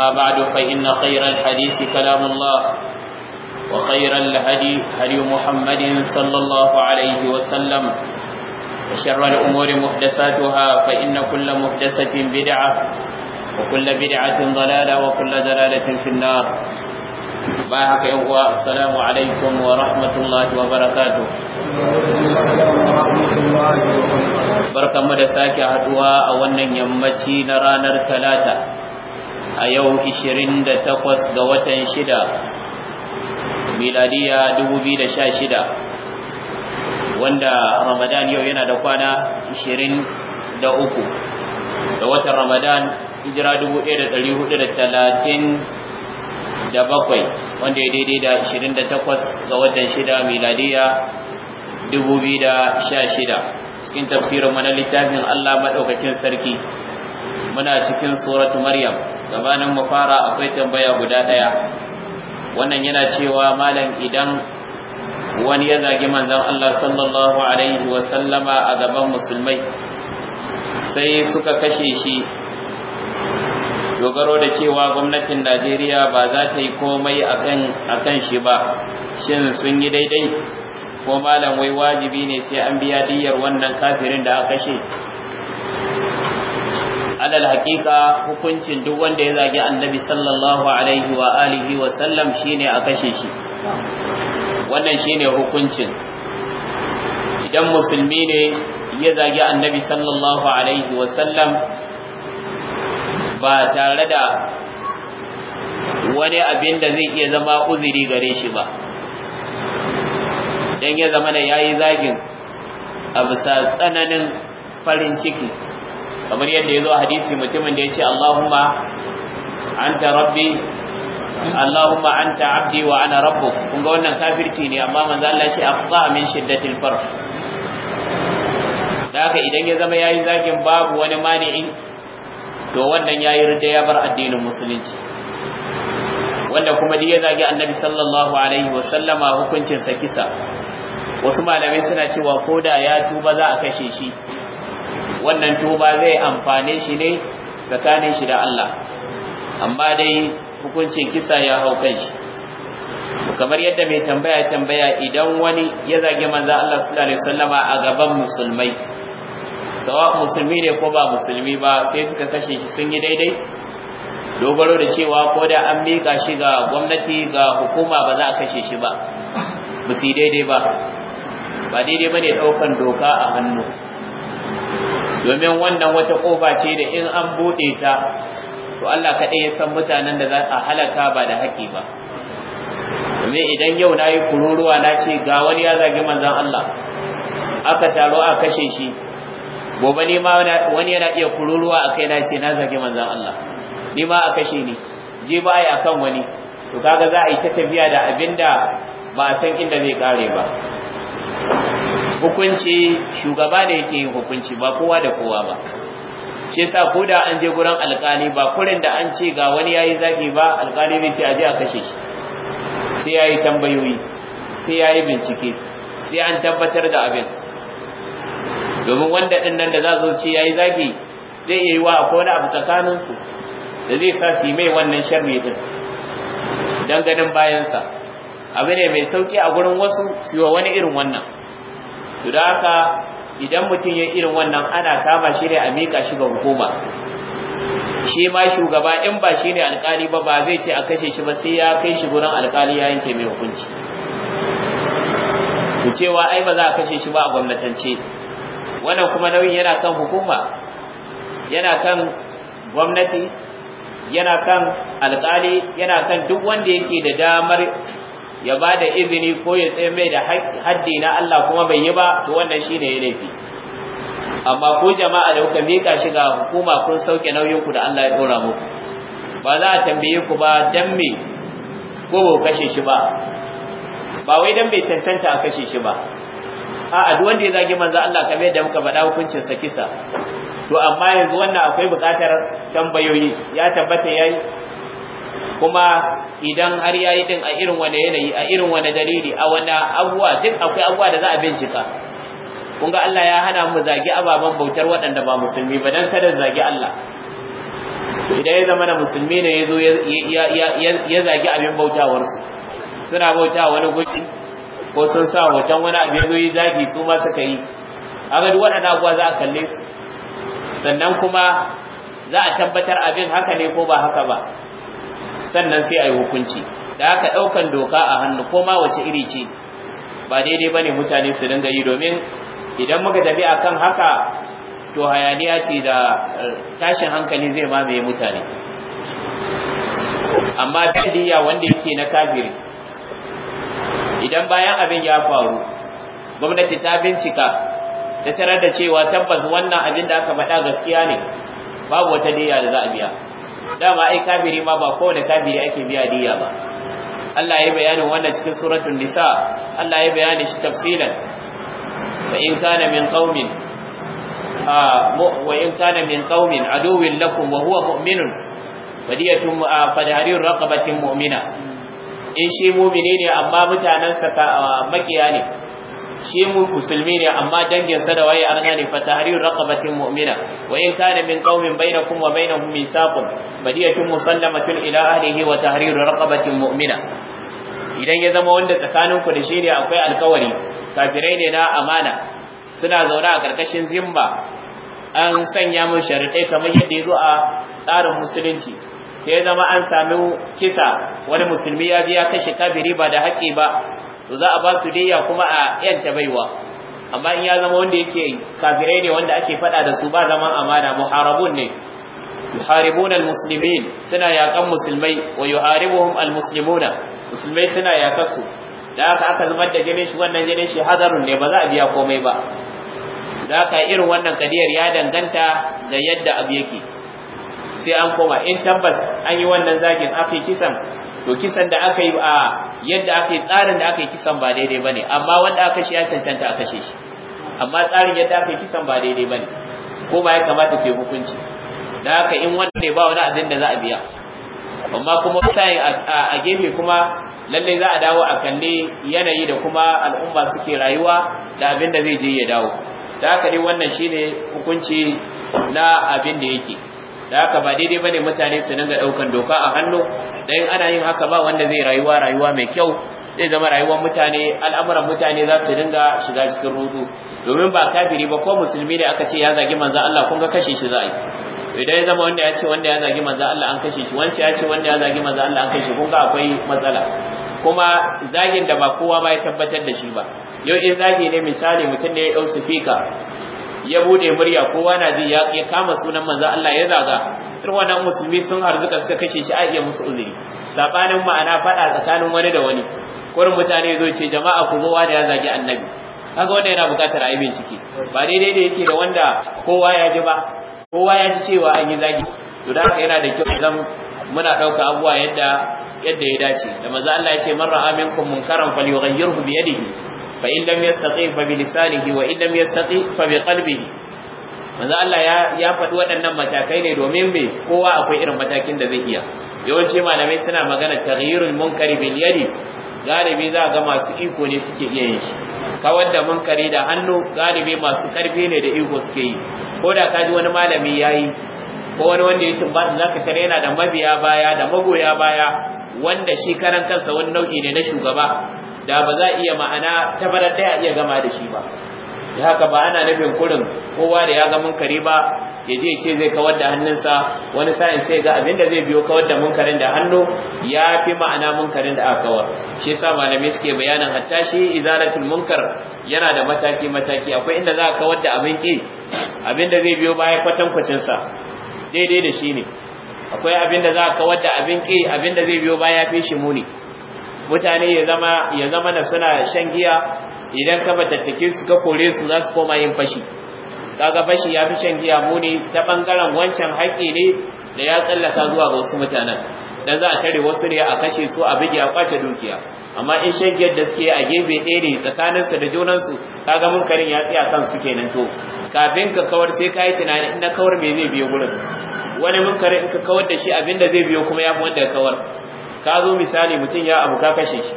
أما بعد فإن خير الحديث كلام الله وخير الهدي هدي محمد صلى الله عليه وسلم وشر الأمور محدثاتها فإن كل محدثة بدعة وكل بدعة ضلالة وكل ضلالة في النار باهك يوه السلام عليكم ورحمة الله وبركاته بركة مدساك عدوى أولا يمتين رانر ثلاثة a yau 28 ga watan 6 miladiya 2016 wanda ramadan yau yana da kwana 23 da watan ramadan hijira 1437 wanda ya daidai da 28 ga watan 6 miladiya 2016 cikin tafsirin manalitafin Allah maɗaukakin sarki muna cikin suratu maryam gabanin mu fara akwai tambaya guda daya wannan yana cewa malam idan wani ya zagi manzon Allah sallallahu alaihi wa sallama a gaban musulmai sai suka kashe shi dogaro da cewa gwamnatin Najeriya ba za ta yi komai akan akan shi ba shin sun yi daidai ko malam wai wajibi ne sai an biya diyyar wannan kafirin da aka kashe alal hakika, hukuncin duk wanda ya zagi annabi sallallahu alaihi wa alihi wa sallam shine a kashe shi wannan shine hukuncin idan musulmi ne ya zagi annabi sallallahu alaihi wa sallam ba tare da wani abin da zai iya zama uzuri gare shi ba dan ya zama da yayi zagin a bisa tsananin farin ciki kamar yadda ya zo hadisi mutumin da ya ce Allahumma anta rabbi Allahumma anta abdi wa ana rabbu kun ga wannan kafirci ne amma manzo Allah ya ce afza min shiddatil farq da haka idan ya zama yayi zakin babu wani mani'in to wannan yayi ridda ya bar addinin musulunci wanda kuma dai ya zagi annabi sallallahu alaihi wa sallama hukuncin sa kisa wasu malamai suna cewa koda ya tuba za a kashe shi wannan tuba zai amfane shi ne tsakanin shi da Allah amma dai hukuncin kisa ya hau kan shi kamar yadda mai tambaya tambaya idan wani ya zage manzo Allah sallallahu alaihi wasallama a gaban musulmai sawa musulmi ne ko ba musulmi ba sai suka kashe shi sun yi daidai dogaro da cewa ko da an miƙa shi ga gwamnati ga hukuma ba za a kashe shi ba ba su yi daidai ba ba daidai ne ɗaukan doka a hannu domin wannan wata kofa ce da in an buɗe ta to Allah kaɗai ya san mutanen da za a halaka ba da haƙi ba domin idan yau na yi kururuwa na ce ga wani ya zagi manzan Allah aka taro a kashe shi gobe ni ma wani yana iya kururuwa a kai na ce na zagi manzan Allah ni ma a kashe ni je ba a kan wani to kaga za a yi ta tafiya da abinda ba a san inda zai kare ba hukunci shugaba ne yake yin hukunci ba kowa da kowa ba shi yasa ko da an je gurin alkali ba kurin da an ce ga wani yayi zaki ba alkali ne ce je a kashe shi sai yayi tambayoyi sai yayi bincike sai an tabbatar da abin domin wanda din nan da za zo ce yayi zaki zai yi wa akwai wani abu tsakanin su da zai sa su mai wannan sharri din dan ganin bayansa abu ne mai sauki a gurin wasu su wa wani irin wannan to da haka idan mutum ya irin wannan ana kama shi ne a mika shi ga hukuma shi ma shugaba in ba shi ne alkali ba ba zai ce a kashe shi ba sai ya kai shi gurin alkali ya yanke mai hukunci ku cewa ai ba za a kashe shi ba a gwamnatance wannan kuma nauyin yana kan hukuma yana kan gwamnati yana kan alkali yana kan duk wanda yake da damar ya ba da izini ko ya tsaye mai da haddi na Allah kuma bai yi ba to wannan shine ya laifi amma ku jama'a da kuka mika shi ga hukuma kun sauke nauyin ku da Allah ya dora muku ba za a tambaye ku ba dan me ko ba kashe shi ba ba wai dan bai cancanta a kashe shi ba a'a duk wanda ya zagi manzo Allah kamar yadda muka faɗa hukuncin sa kisa to amma yanzu wannan akwai buƙatar tambayoyi ya tabbata yayi kuma idan har yayi din a irin wani yanayi a irin wani dalili a wani abuwa duk akwai abuwa da za a bincika kun ga Allah ya hana mu zagi ababen bautar waɗanda ba musulmi ba dan kada zagi Allah idan ya zama na musulmi ne ya zo ya zagi abin bautawarsu suna bauta wani gushi ko sun sa hoton wani abin zo yi zagi su ma suka yi duk waɗanda abuwa za a kalle su sannan kuma za a tabbatar abin haka ne ko ba haka ba sannan sai a yi hukunci da aka ɗaukan doka a hannu ko ma wace iri ce ba daidai ba ne mutane su dinga yi domin idan muka tafi akan haka to hayaniya ce da eh, tashin hankali zai mamaye mutane amma bidiya wanda yake na kafiri idan bayan abin ya faru gwamnati ta bincika ta tarar da cewa tabbas wannan abin da aka faɗa gaskiya ne babu wata diya da za a biya dama ai kafiri ma ba kowane kafiri ake biya diya ba Allah ya yi bayanin wannan cikin suratul nisa Allah ya yi bayanin shi tafsilan fa in kana min qaumin wa in kana min qaumin aduwwin lakum wa huwa mu'minun fadiyatun fadharir raqabatin mu'mina in shi mu'mini ne amma mutanansa makiya ne shi musulmi ne amma dangin sa da waye arna ne fa tahrir raqabatin mu'mina wa in kana min qaumin bainakum wa bainahum misaqun badiyatun musallamatun ila ahlihi wa tahrir raqabatin mu'mina idan ya zama wanda tsakaninku da shi ne akwai alkawari kafirai ne na amana suna zaune a karkashin zimba an sanya mu sharadai kamar yadda ya zo a tsarin musulunci sai ya zama an sami kisa wani musulmi ya je ya kashe kafiri ba da haƙƙi ba to za a ba su diya kuma a yanta baiwa amma in ya zama wanda yake kafirai ne wanda ake fada da su ba zaman amana muharabun ne yuharibuna almuslimin suna yakan musulmai wa yuharibuhum almuslimuna musulmai suna yakan su da haka aka zubar da jinin shi wannan jinin shi hadarun ne ba za a biya komai ba da haka irin wannan kadiyar ya danganta ga yadda abu yake sai an koma in tabbas an yi wannan zagin afi kisan to kisan da aka yi a yadda aka yi tsarin da aka yi kisan ba daidai bane amma wanda aka shi ya cancanta aka shi amma tsarin yadda aka yi kisan ba daidai bane ko ba ya kamata ke hukunci da aka in wanda ne ba wani abin da za a biya amma kuma sai a gefe kuma lallai za a dawo a kalli yanayi da kuma al'umma suke rayuwa da abin da zai je ya dawo da aka dai wannan shine hukunci na abin da yake da haka ba daidai ba ne mutane su dinga daukan doka a hannu dan ana yin haka ba wanda zai rayuwa rayuwa mai kyau zai zama rayuwar mutane al'amuran mutane za su dinga shiga cikin rudu domin ba kafiri ba ko musulmi ne aka ce ya zagi manzo Allah kun ga kashe shi za yi idan ya zama wanda ya ce wanda ya zagi manzo Allah an kashe shi wanda ya ce wanda ya zagi manzo Allah an kashe shi kun ga akwai matsala kuma zagin da ba kowa ba ya tabbatar da shi ba yau in zagi ne misali mutum ne ya dau sufika ya bude murya kowa na ji ya kama sunan manzo Allah ya zaga irin wannan musulmi sun arzuka suka kashe shi a iya musu uzuri sabanin ma'ana fada tsakanin wani da wani kurin mutane zo ce jama'a ku zo da ya zagi annabi kaga wanda yana bukatar ayi bincike ba daidai da yake da wanda kowa ya ji ba kowa ya ji cewa an yi zagi to da yana da kyau idan muna dauka abuwa yadda yadda ya dace da manzo Allah ya ce man ra'a minkum munkaran falyughayyirhu bi yadihi fa لم يستطيع فبلسانه fa bi يستطيع wa manzo Allah ya ya faɗi waɗannan matakai ne domin me kowa akwai irin matakin da zai iya yawanci malamai suna magana taghyirul munkari bil yadi galibi za ga masu iko ne suke iya yin shi kawar da munkari da hannu galibi masu karfi ne da iko suke yi ko da ji wani malami yayi ko wani wanda ya tumba za ka tare yana da mabiya baya da magoya baya wanda shi karan kansa wani nau'i ne na shugaba da ba za a iya ma'ana tabarar ɗaya iya gama da shi ba da haka ba ana nufin kurin kowa da ya zama munkari ba ya je ce zai kawar da hannunsa wani sa'in sai ga abinda zai biyo kawar da munkarin da hannu ya fi ma'ana munkarin da aka kawar shi yasa malami suke bayanin hatta shi izalatul munkar yana da mataki mataki akwai inda za a kawar da abin ki abinda zai biyo baya kwatankwacin sa daidai da shi ne akwai abinda za a kawar da abin ki abinda zai biyo baya fi shi muni mutane ya zama ya suna shan giya idan ka batattake su ka kore su za su koma yin fashi kaga fashi ya fi shan giya muni ta bangaren wancan haƙƙi ne da ya tsallaka zuwa ga wasu mutanen dan za a tare wasu ne a kashe su a bige a kwace dukiya amma in shan giyar da suke a gefe ɗaya ne tsakaninsu da junansu kaga munkarin ya tsaya su kenan to kafin ka kawar sai ka yi tunani in na kawar me zai biyo gurin wani munkarin in ka kawar da shi abinda zai biyo kuma ya fi wanda ya kawar ka zo misali mutum ya abu ka kashe shi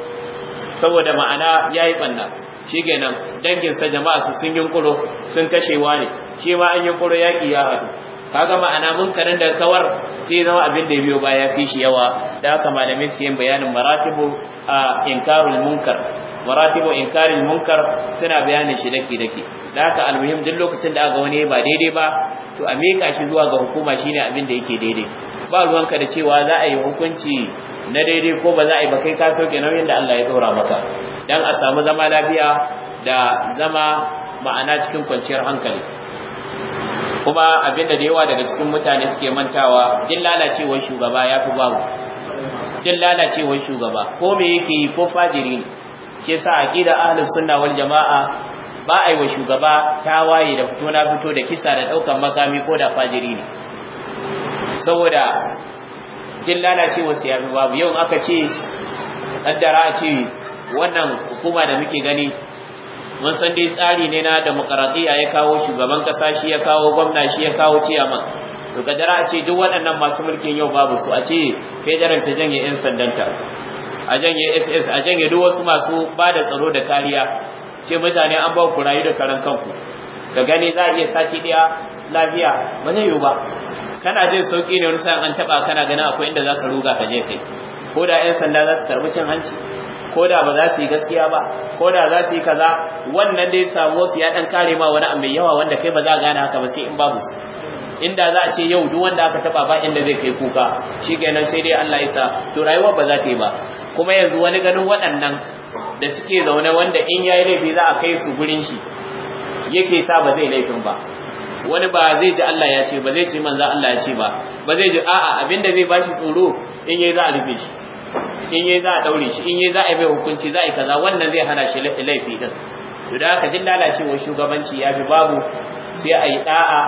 saboda ma'ana ya yi ɓanna shi kenan danginsa jama'a su sun yunkuro sun kashewa ne shi ma an yunkuro yaƙi ya haɗu kaga ma'ana munkarin da kawar sai zama abin da biyo baya fi shi yawa da haka malamin su yin bayanin maratibu a inkarul munkar maratibu inkarul munkar suna bayanin shi dake dake da haka almuhim duk lokacin da aka wani ba daidai ba to a mika shi zuwa ga hukuma shine abin da yake daidai ba ruwanka da cewa za a yi hukunci na daidai ko ba za a yi ba kai ka sauke nauyin da Allah ya tsora maka dan a samu zama lafiya da zama ma'ana cikin kwanciyar hankali kuma abinda da yawa daga cikin mutane suke mantawa din lalacewar shugaba ya fi babu din lalacewar shugaba ko me yake yi ko fajiri ne ke sa aqida ahlus sunna wal jamaa ba ai wa shugaba tawaye da fito na fito da kisa da daukan makami ko da fajiri ne saboda kin lalace su yafi babu yau aka ce kaddara a ce wannan hukuma da muke gani mun san dai tsari ne na demokaratiya ya kawo shugaban kasa shi ya kawo gwamna shi ya kawo ciyaman to a ce duk waɗannan masu mulkin yau babu su a ce federal ta janye yan sandanta a janye ss a janye duk wasu masu ba da tsaro da kariya ce mutane an ba ku rayu da karan kanku ka gani za a iya sati ɗaya lafiya ba zai yiwu ba kana jin sauki ne wani sa'an an taba kana ganin akwai inda zaka ruga ka je kai ko da ƴan sanda za su karbi cin hanci ko da ba za su yi gaskiya ba ko da za su yi kaza wannan dai samu su ya dan kare ma wani mai yawa wanda kai ba za gane haka ba sai in babu su inda za a ce yau duk wanda aka taba ba inda zai kai kuka shi shikenan sai dai Allah ya sa to rayuwa ba za ta yi ba kuma yanzu wani ganin waɗannan da suke zaune wanda in yayi laifi za a kai su gurin shi yake sa ba zai laifin ba wani ba zai ji Allah ya ce ba zai ce manzo Allah ya ce ba ba zai ji a'a abinda zai shi tsoro in yi za a rufe shi in yi za a daure shi in yi za a yi hukunci za a yi kaza wannan zai hana shi laifi din to da haka jin lalacewar shugabanci ya fi babu sai a yi da'a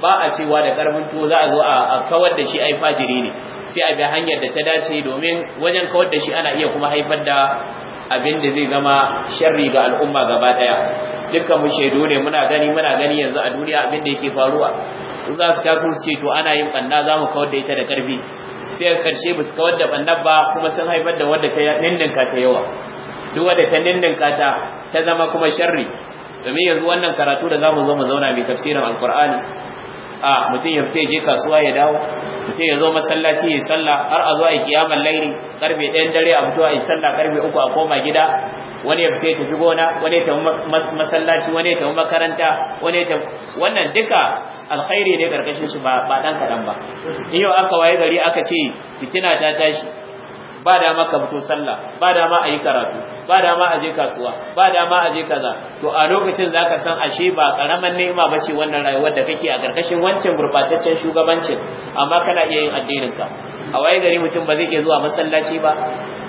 ba a cewa da karfin tuwo za a zo a kawar da shi ai fajiri ne sai a bi hanyar da ta dace domin wajen kawar da shi ana iya kuma haifar da abin da zai zama sharri ga al'umma gaba daya dukkan mu shaidu ne muna gani muna gani yanzu a duniya abin da yake faruwa in za su taso su ce to ana yin banna za mu kawar da ita da karfi sai a karshe ba su kawar da banna ba kuma sun haifar da wadda ta ninninka ta yawa duk wadda ta ninninka ta ta zama kuma sharri domin yanzu wannan karatu da za mu zo mu zauna mai tafsirin alkur'ani a mutum ya fita je kasuwa ya dawo mutum ya zo masallaci ya sallah har a zo a kiyamar lairi karfe ɗayan dare a fito a yi sallah karfe uku a koma gida wani ya fita ya tafi gona wani ya tafi masallaci wani ya tafi makaranta wani ya tafi wannan duka alkhairi ne karkashin shi ba ba kaɗan ba ba yau aka waye gari aka ce fitina ta tashi ba dama ka fito sallah ba dama a yi karatu ba dama a je kasuwa ba dama a je kaza to a lokacin zaka san ashe ba karaman ni'ima ce wannan rayuwar da kake a ƙarƙashin wancan gurbataccen shugabancin amma kana iya yin addinin ka a waye gari mutum ba zai iya zuwa masallaci ba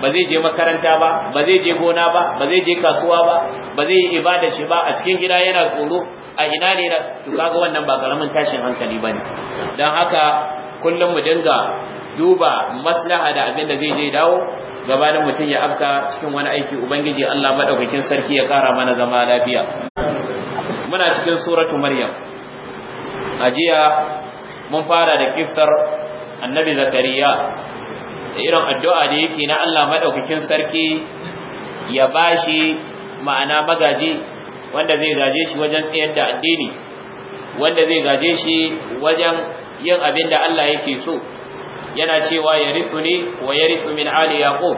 ba zai je makaranta ba ba zai je gona ba ba zai je kasuwa ba ba zai yi ibada shi ba a cikin gida yana tsoro a ina ne to kaga wannan ba karamin tashin hankali ba bane dan haka kullum mu dinga duba maslaha da abin da zai je dawo gabanin mutum ya afka cikin wani aiki ubangiji Allah madaukakin sarki ya kara mana zama lafiya muna cikin suratu maryam ajiya mun fara da kissar annabi zakariya da irin addu'a da yake na Allah madaukakin sarki ya bashi ma'ana magaji wanda zai gaje shi wajen tsayar da addini wanda zai gaje shi wajen yin abin da Allah yake so yana cewa ya ne wa ya min ali yaqub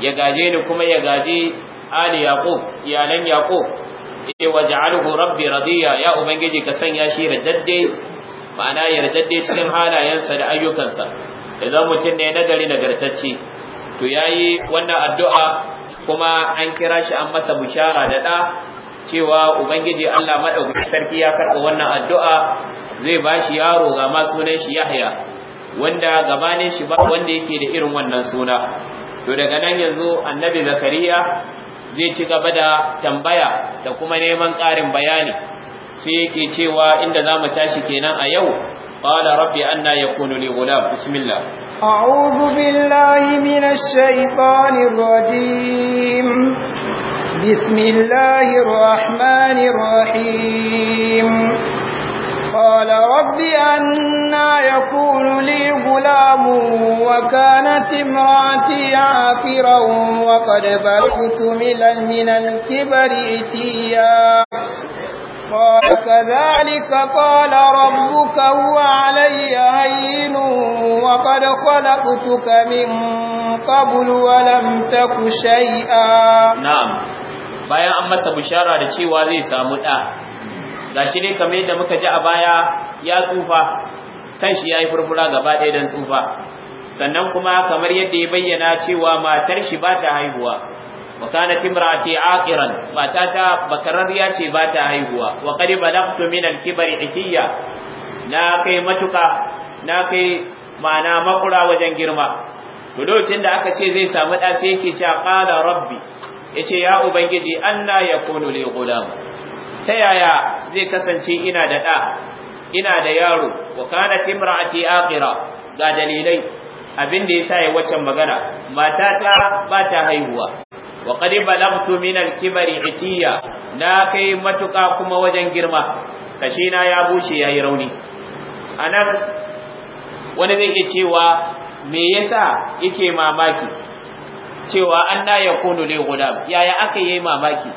ya gaje ni kuma ya gaje ali yaqub iyalan yaqub ya waj'alhu rabbi radiya ya ubangiji ka sanya shi radadde ma'ana ya yardadde cikin halayensa da ayyukansa idan mutum ne nagari nagartacce to yayi wannan addu'a kuma an kira shi an masa bushara da da cewa ubangiji Allah madaukakin sarki ya karɓa wannan addu'a zai bashi yaro ga ma sunan shi Yahya wanda gabanin shi ba wanda yake da irin wannan suna to daga nan yanzu annabi zakariya zai ci gaba da tambaya da kuma neman ƙarin bayani sai yake cewa inda za mu tashi kenan a yau قال رب أنا يكون لي غلام بسم الله أعوذ بالله من الشيطان الرجيم بسم الله قال رب أنا يكون لي غلام وكانت امرأتي عاقرا وقد بلغت من الكبر إتيا قال كذلك قال ربك هو علي هين وقد خلقتك من قبل ولم تك شيئا نعم bayan an masa bishara da cewa zai samu ɗa Ga shi ne kamar yadda muka ji a baya ya tsufa kan shi ya yi furfura gaba ɗaya dan tsufa sannan kuma kamar yadda ya bayyana cewa matar shi ba ta haihuwa wa kanat imraati aqiran mata ta ce ba ta haihuwa wa qad balagtu min al-kibri ikiyya na kai matuka na kai ma'ana makura wajen girma to lokacin da aka ce zai samu ɗa yake cewa qala rabbi yace ya ubangiji anna yakunu li ghulam ta yaya zai kasance ina da ɗa ina da yaro wa kana timra'ati aqira ga dalilai abin da yasa ya waccan magana matata ba ta haihuwa wa qad balagtu min al-kibri itiya na kai matuƙa kuma wajen girma Kashi na ya bushe yayi rauni anan wani zai iya cewa me yasa yake mamaki cewa an ya kunu li guda, yaya aka yi mamaki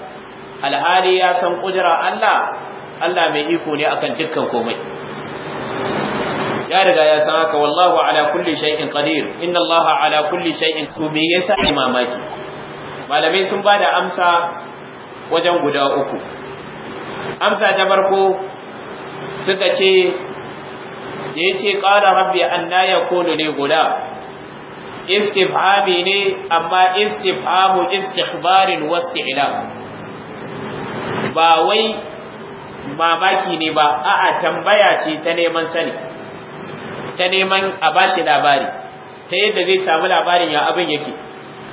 alhali ya san kudura Allah Allah mai iko ne akan dukkan komai ya riga ya san haka wallahu ala kulli shay'in qadir inna Allah ala kulli shay'in su me yasa imamaki malamai sun bada amsa wajen guda uku amsa ta farko suka ce da yace qala rabbi anna yakunu li gulam istifhami ne amma istifhamu istikhbarin wasti'lam ba wai mamaki ne ba a'a tambaya ce ta neman sani ta neman a bashi labari ta yadda zai samu labarin ya abin yake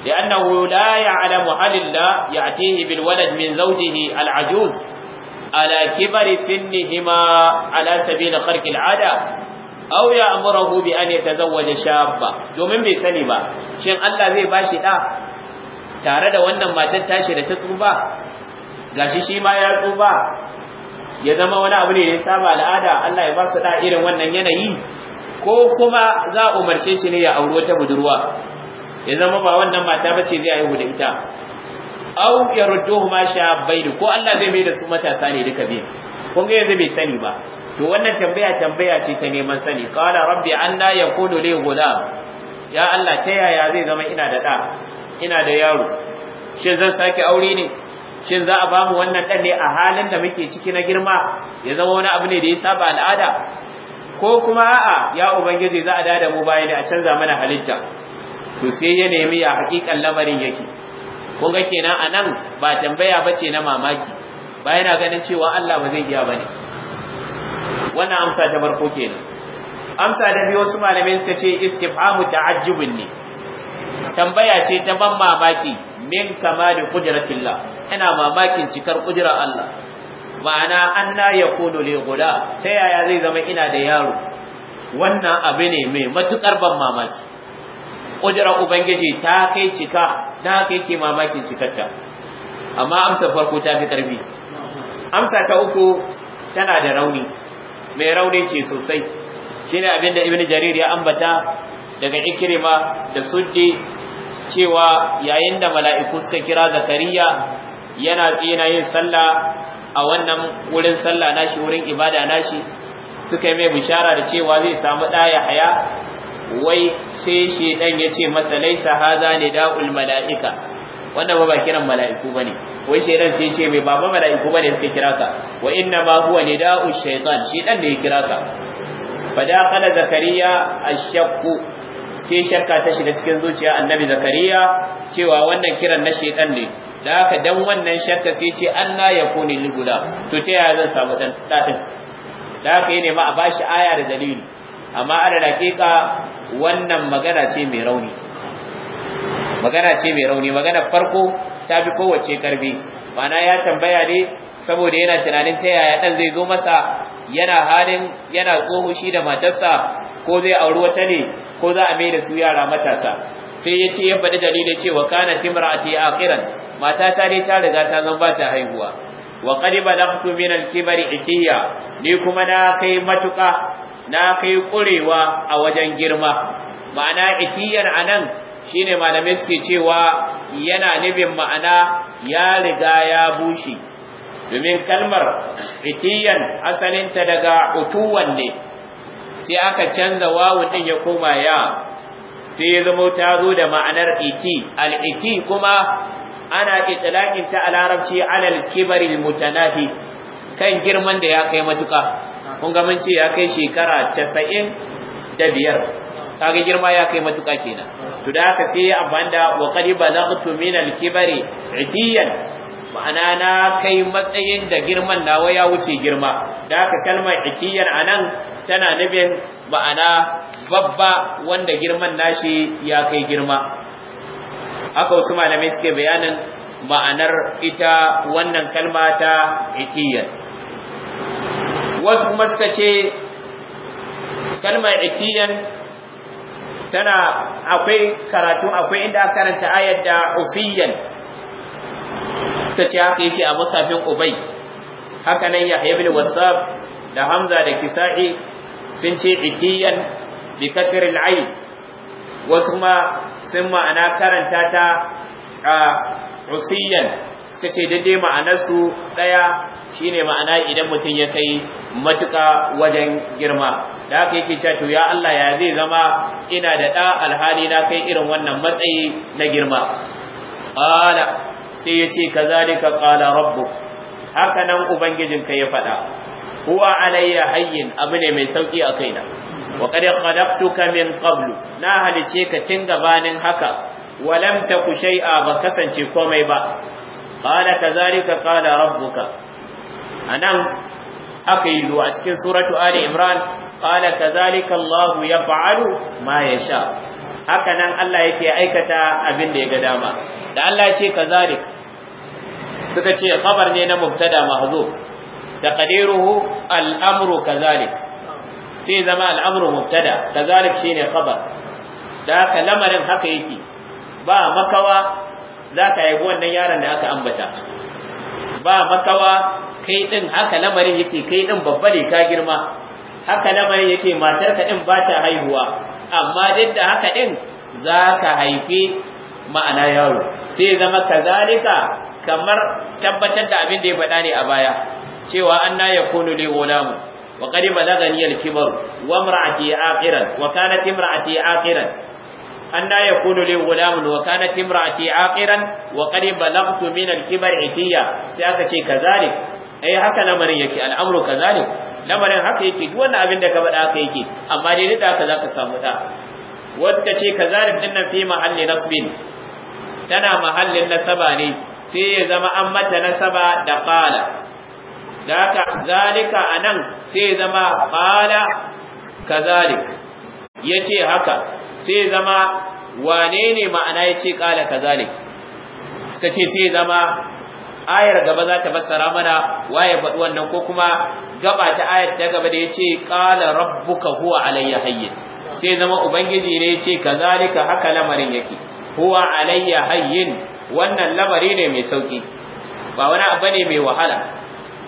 لأنه لا يعلم هل الله يأتيه بالولد من زوجه العجوز على كبر سنهما على سبيل خرق العادة aw ya bi an yatazawwaja shabba domin bai sani ba shin Allah zai bashi da tare da wannan matar tashi da ta tsufa gashi shi ma ya tsufa ya zama wani abu ne ya saba al'ada Allah ya ba su da irin wannan yanayi ko kuma za a umarce shi ne ya auri wata budurwa ya zama ba wannan mata bace zai haihu da ita aw bai ni. ko Allah zai mai da su matasa ne duka biyu kun ga yanzu bai sani ba to wannan tambaya tambaya ce ta neman sani qala rabbi la yakunu li gulam ya Allah ta yaya zai zama ina da da ina da yaro shin zan sake aure ne shin za a ba mu wannan ɗan ne a halin da muke ciki na girma ya zama wani abu ne da ya saba al'ada ko kuma a'a ya ubangiji za a dada mu baya a canza mana halitta to sai ya nemi ya hakikan lamarin yake kun ga kenan anan ba tambaya bace na mamaki ba yana ganin cewa Allah ba zai iya bane wannan amsa ta farko kenan amsa da biyu wasu malamai suka ce istifhamu ta'ajjubin ne tambaya ce ta ban mamaki min kama da Allah ina mamakin cikar kudrar Allah ma'ana an ya kudu li guda ta yaya zai zama ina da yaro wannan abu ne mai matukar ban mamaki kudrar ubangiji ta kai cika na kai ke mamakin cikarta amma amsa farko ta fi karfi amsa ta uku tana da rauni mai rauni ce sosai shine abinda da ibnu jarir ya ambata daga ikrima da suddi cewa yayin da mala'iku suka kira zakariya yana tsina yin sallah a wannan wurin sallah nashi wurin ibada nashi suka yi mai bishara da cewa zai samu ɗaya haya wai sai shi dan ya ce masa laisa haza ne da'ul mala'ika wannan ba ba kiran mala'iku bane wai shi dan sai ce mai baba mala'iku bane suka kira ka wa inna ma huwa da’ul shaytan shi dan da ya kira ka fa da kala zakariya shakku. sai shakka ta shiga cikin zuciya annabi zakariya cewa wannan kiran na shedan ne da haka dan wannan shakka sai ce Allah ya ni ligula to ta yaya zan samu dan dadin da haka ya nema a bashi aya da dalili amma a hakika wannan magana ce mai rauni magana ce mai rauni magana farko ta bi kowace karbi ma'ana ya tambaya ne saboda yana tunanin ta yaya dan zai zo masa yana halin yana tsoho da matarsa ko zai auri wata ne ko za a mai da su yara matasa sai ya ce ya faɗi dalilin cewa kana ce akiran mata ta dai ta riga ta zan ba ta haihuwa wa qad balaghtu min al-kibri itiya ni kuma na kai matuka na kai kurewa a wajen girma ma'ana itiyar anan shine malamai suke cewa yana nufin ma'ana ya riga ya bushe domin kalmar itiyan asalinta daga utuwan ne sai aka canza wawu din ya koma ya sai ya zama ta zo da ma'anar iti al-iti kuma ana itlaqin ta a larabci alal kibari mutanafi kan girman da ya kai matuka kun ga mun ce ya kai shekara 95 da kaga girma ya kai matuka kenan to da haka sai ya amfani da wa qad balaghtu min al-kibari itiyan ma'ana na kai matsayin da girman nawa ya wuce girma da aka kalmar ikiyar anan tana nufin ma'ana babba wanda girman nashi ya kai girma haka wasu malamai suke bayanin ma'anar ita wannan kalma ta ikiyar wasu kuma suka ce kalmar ikiyar tana akwai karatu akwai inda karanta ayat da suka ce haka yake a masafin ubai haka nan ya ibn wasab da hamza da kisa'i sun ce ikiyan bi kasr al wasu ma sun ma'ana karanta ta a usiyan suka ce daidai ma'anarsu ɗaya shine ma'ana idan mutum ya kai matuƙa wajen girma da haka yake cewa to ya Allah ya zai zama ina da ɗa alhali na kai irin wannan matsayi na girma ala sai ya ce zalika kala rabbu. haka nan ubangijinka ya faɗa huwa alayya hayyin abu ne mai sauki a kaina wa qad khalaqtuka min qablu na halice ka tun gabanin haka walam taku shay'a ba kasance komai ba qala kadhalika qala rabbuka anan haka yi a cikin suratu ali imran qala kadhalika allah yaf'alu ma yasha haka nan allah yake aikata abin da ya ga dama da Allah ya ce kazalik suka ce khabar ne na mubtada mahzuf taqdiruhu al-amru kazalik sai zama al-amru mubtada kazalik shine khabar da haka lamarin haka yake ba makawa zaka yi wannan yaron da aka ambata ba makawa kai din haka lamarin yake kai din babba ne ka girma haka lamarin yake matar ka din ba ta haihuwa amma duk da haka din zaka haife ma'ana yaro sai zama kazalika kamar tabbatar da abin da ya faɗa ne a baya cewa anna yakunu li gulamu wa qad balagani al-kibar wa imra'ati aqiran wa kanat imra'ati aqiran anna yakunu li gulamun wa kanat imra'ati aqiran wa qad balagtu min al-kibar itiya sai aka ce kazalik Ai eh, haka lamarin yake al'amru kazalik lamarin haka yake duk wannan abin da ka faɗa haka yake amma dai da haka zaka samu da wanda ce kazalik dinnan fi mahalli nasbin tana mahallin nasaba ne sai ya zama an mata nasaba da qala da zalika anan sai ya zama qala kazalik yace haka sai ya zama wane ne ma'ana yace qala kazalik suka ce sai ya zama ayar gaba za ta fassara mana waye faɗi wannan ko kuma gaba ta ayar ta gaba da yace qala rabbuka huwa alayya hayyin sai zama ubangiji ne yace kazalika haka lamarin yake huwa alayya hayyin wannan lamari ne mai sauki ba wani abu ne mai wahala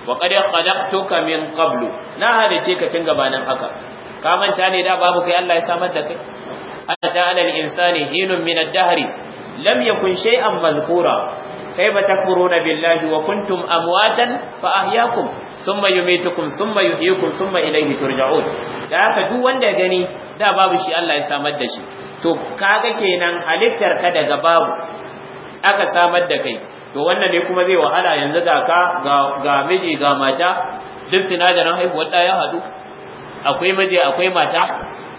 wa qad khalaqtuka min qablu na halice ka tun gabanin haka ka manta ne da babu kai Allah ya samar da kai hatta alal insani hinun min ad-dahr lam yakun shay'an mazkura كيف تكفرون بالله وكنتم امواتا فاحياكم ثم يميتكم ثم يحييكم ثم اليه turja'un? da haka duk wanda gani da babu shi Allah ya samar da shi to kaga kenan halittar ka daga babu aka samar da kai to wannan ne kuma zai wahala yanzu ga ka ga miji ga mata duk sinadarin haihuwar ɗaya ya haɗu akwai miji akwai mata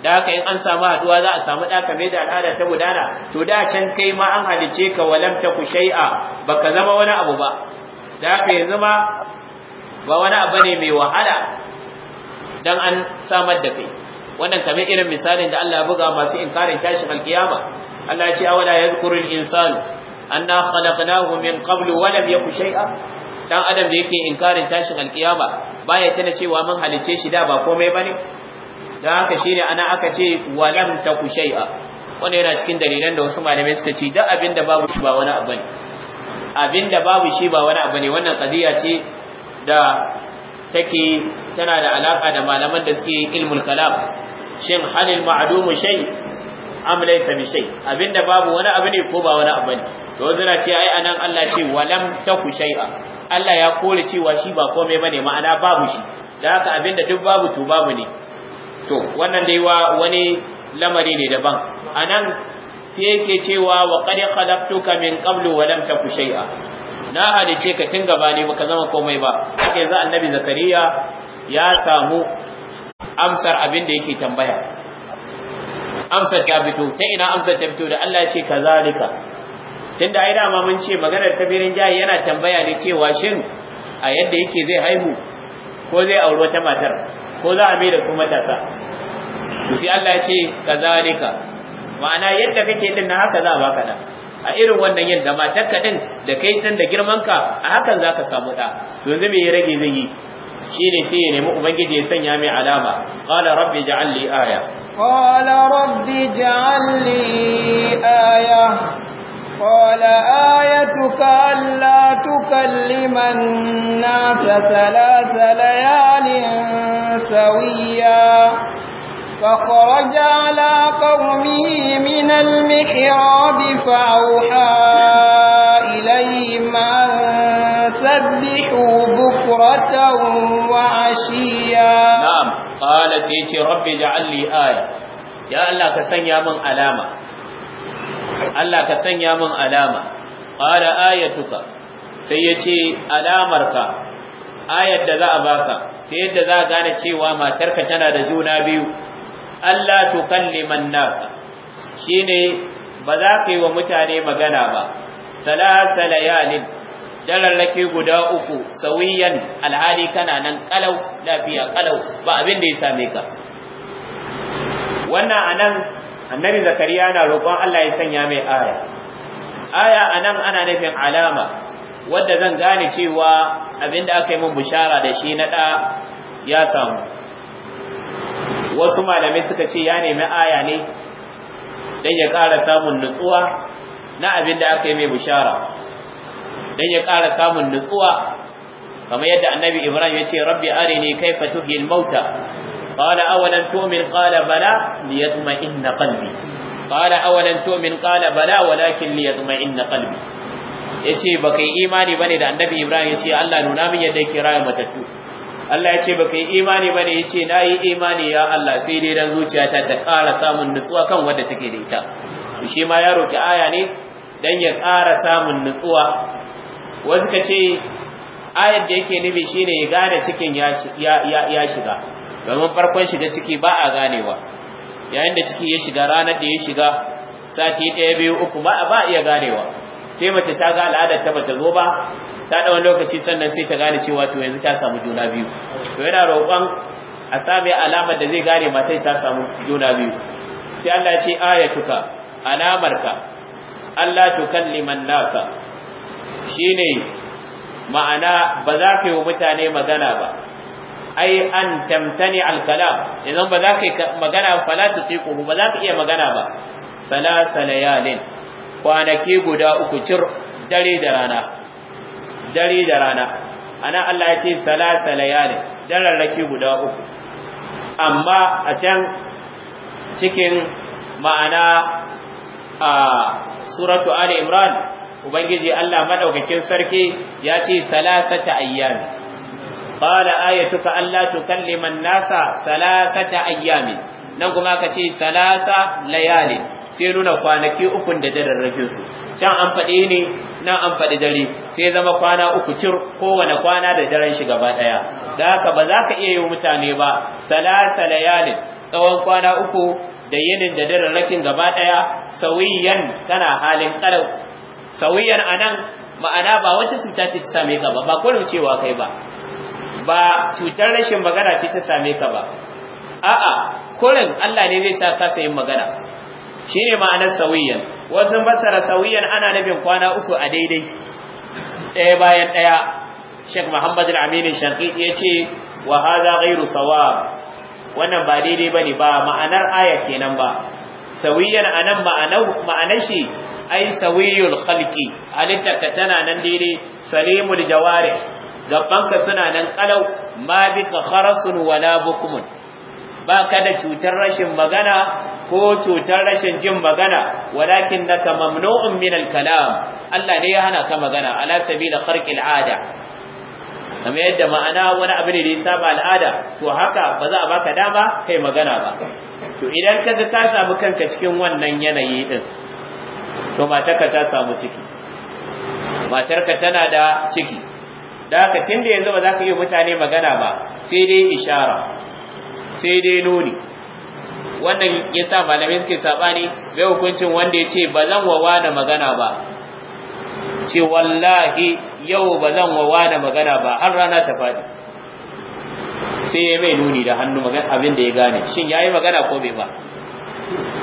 da haka in an samu haɗuwa za a samu da kame da al'ada ta gudana to da can kai ma an halice ka walam ta kushai'a baka zama wani abu ba da haka yanzu ma ba wani abu ne mai wahala dan an samar da kai wannan kamar irin misalin da Allah ya buga masu inkarin tashin alkiyama Allah ya ce awala yadhkuru al-insanu anna khalaqnahu min qablu wa lam yaku shay'a dan adam da yake inkarin tashin alkiyama baya tana cewa mun halice shi da ba komai bane dan haka shine ana aka ce wa lam taku shay'a wannan yana cikin dalilan da wasu malamai suka ce duk da babu shi ba wani abu ne da babu shi ba wani abu ne wannan qadiya ce da take tana da alaka da malaman da suke ilmul kalam shin halil ma'dumu shay am laysa bi shay abinda babu wani abu ne ko ba wani abu ne to zana ce ai anan Allah ce walam taku shay'a Allah ya kore cewa shi ba komai bane ma'ana babu shi da haka abinda duk babu to babu ne to wannan dai wa wani lamari ne daban anan sai yake cewa wa qad khalaqtuka min qablu wa taku shay'a na halice ka tun gaba ne baka zama komai ba haka yanzu annabi zakariya ya samu amsar abin da yake tambaya amsar ta fito ta ina amsar ta fito da Allah ya ce kazalika tunda ai ma mun ce maganar ta birin jahi yana tambaya ne cewa shin a yadda yake zai haihu ko zai auri wata matar ko za a mai da su matasa to sai Allah ya ce kazalika ma'ana yadda kake din na haka za a baka da a irin wannan da matarka din da kai dan da girmanka a hakan za ka samu da yanzu me ya rage zai yi ne sai ya nemi ubangiji ya sanya mai alama qala rabbi ja'al li aya qala rabbi ja'al li aya qala ayatuka alla tukalliman الناس ثلاث layalin سويا فخرج على قومه من المحراب فأوحى إليهم أن سبحوا بكرة وعشيا نعم قال سيتي رب اجعل لي آية يا الله كسنيا من علامة الله كسنيا من علامة قال آيتك سيتي علامرك آية ذا أباك ta yadda za a gane cewa matarka tana da juna biyu Allah tukalliman nas shine ba za ka yi wa mutane magana ba salasa layalin dararrake guda uku sawiyan alhali kana nan kalau lafiya kalau ba abin da ya same ka wannan anan annabi zakariya na roƙon Allah ya sanya mai aya aya anan ana nufin alama wadda zan gane cewa abin da aka yi min bishara da shi na ɗa ya samu wasu malamai suka ce ya nemi aya ne dan ya ƙara samun nutsuwa na abin da aka yi mai bushara dan ya ƙara samun nutsuwa kamar yadda annabi ibrahim ya ce rabbi arini kaifa tuhyil mauta qala awalan tu'min qala bala liyatma'inna qalbi qala awalan tu'min qala bala walakin liyatma'inna qalbi yace baka yi imani ba ne da annabi ibrahim ya ce, Allah nuna min yadda ya yake rayuwa matattu Allah ya ce baka yi imani ba ne ya ce na yi imani ya Allah sai dai dan zuciyata ta ƙara samun nutsuwa kan wadda take da ita shi ma ya roƙi aya ne dan ya ƙara samun nutsuwa wasu ka ce ayar da yake nufi shine ya gane cikin ya shiga domin farkon shiga ciki ba a ganewa yayin da ciki ya shiga ranar da ya shiga sati ɗaya biyu uku ba a iya ganewa sai mace ta ga al'adar ta bata zo ba ta da wani lokaci sannan sai ta gane cewa to yanzu ta samu juna biyu to yana roƙon a same alamar da zai gane matai ta samu juna biyu sai Allah ya ce ayatuka alamarka Allah kalliman nasa shine ma'ana ba za ka yi mutane magana ba ai an tamtani kalam idan ba za ka yi magana fala tusiqu ba za ka iya magana ba salasa layalin kwanaki guda uku cir dare da rana dare da rana ana Allah ya ce salasa layalin dararraki guda uku amma a can cikin ma'ana a suratu ali imran ubangiji Allah madaukakin sarki ya ce salasata ayyami qala ayatuka alla tukallima nasa salasata ayyami nan kuma ka ce salasa layali, sai nuna kwanaki uku da dararrakinsu. su can an faɗi ne na an faɗi dare sai zama kwana uku cir kowane kwana da daren shi gaba ɗaya da haka ba za ka iya yi mutane ba salasa layalin tsawon kwana uku da yinin da daren rakin gaba ɗaya sauyiyan kana halin ƙarau sauyiyan anan ma'ana ba wata cuta ce ta same ka ba ba kullum cewa kai ba ba cutar rashin magana ce ta same ka ba a'a kurin Allah ne zai sa ka sayin magana Shi ne ma'anar sawiyan wasu fassara sawiyan ana nufin kwana uku a daidai ɗaya bayan ɗaya Sheikh Muhammad al shanki ya yace wa hadha ghairu sawab wannan ba daidai ba ne, ba ma'anar aya kenan ba sawiyan anan ma'anar shi ai sawiyul khalqi halittarka tana nan daidai salimul jawari gabanka suna nan kalau ma ka kharasun wala bukmun ba ka da cutar rashin magana ko cutar rashin jin magana walakin naka mamnu'un min al-kalam Allah ne ya hana ka magana ala sabila kharqil ada kamar yadda ma'ana wani abu ne da ya saba al'ada to haka ba za a baka dama kai magana ba to idan kaga ka samu kanka cikin wannan yanayi din to matarka ta samu ciki matarka tana da ciki da haka tunda yanzu ba za ka yi mutane magana ba sai dai ishara sai dai nuni wannan ya sa malamai suke saɓani, bai hukuncin wanda ya ce ba zan wawa da magana ba ce wallahi yau ba zan wawa da magana ba har rana ta faɗi sai ya mai nuni da hannu abin da ya gane shin ya yi magana ko bai ba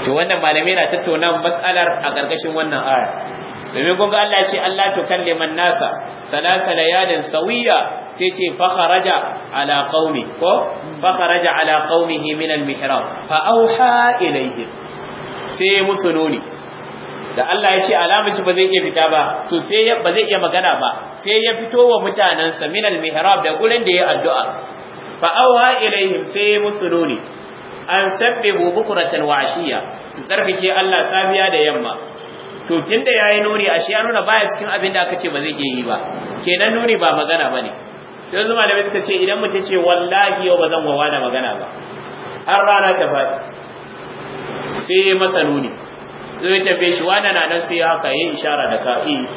to wannan malamai na tattauna mas'alar a ƙarƙashin wannan aya domin kun ga Allah ce Allah to man nasa salasa yadin sawiya sai ce fa kharaja ala qaumi ko fa ala qaumihi min al mihrab fa auha ilayhim sai ya musu nuni da Allah ya ce alamun shi ba zai iya fita ba to sai ya ba zai iya magana ba sai ya fito wa mutanansa min al mihrab da gurin da ya addu'a fa auha ilayhim sai ya musu nuni an sabbihu bukratan wa ashiya su tsarkake Allah safiya da yamma to tunda yayi nuni ashe ya nuna baya cikin abin da aka ce ba zai iya yi ba kenan nuni ba magana bane sai zuma da suka ce idan mutum ce wallahi yau ba zan wawa magana ba har rana ta faɗi sai ya masa nuni zai tafe shi wannan na nan sai ya haka yin ishara da kafi eh.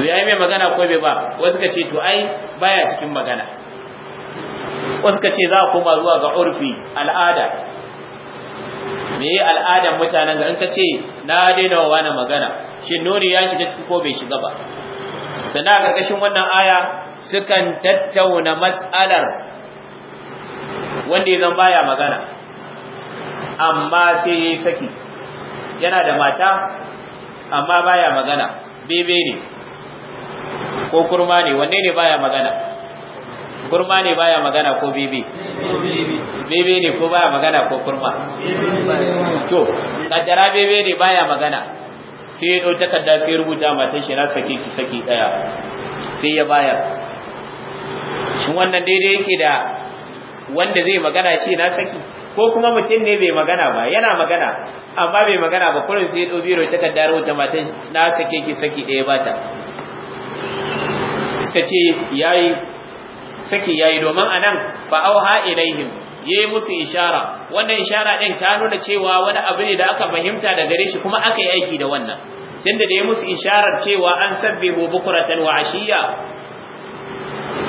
to yayi mai magana ko bai ba wasu ka ce to ai baya cikin magana wasu ka ce za a koma zuwa ga urfi al'ada meye yi al'adan mutanen garin ka ce na daina wa na magana shin nuri ya shiga ciki ko bai shiga ba sannan a ƙarƙashin wannan aya sukan tattauna matsalar wanda ya zan baya magana amma sai ya saki yana da mata amma baya magana bebe ne ko kurma ne wanne ne baya magana kurma ne baya magana ko bebe bebe ne ko baya magana ko kurma to kaddara bebe ne baya magana sai ya dau takarda sai rubuta matan shi na sake ki saki daya sai ya bayar shin wannan daidai yake da wanda zai magana shi na saki ko kuma mutum ne bai magana ba yana magana amma bai magana ba kurin sai ɗo biro takarda rubuta matan na sake ki saki ɗaya bata suka ce yayi saki yayi domin anan fa auha ilaihim yayi musu ishara wannan ishara ɗin ta nuna cewa wani abu ne da aka fahimta da gare shi kuma aka yi aiki da wannan tunda da ya musu isharar cewa an sabbihu bukuratan wa ashiya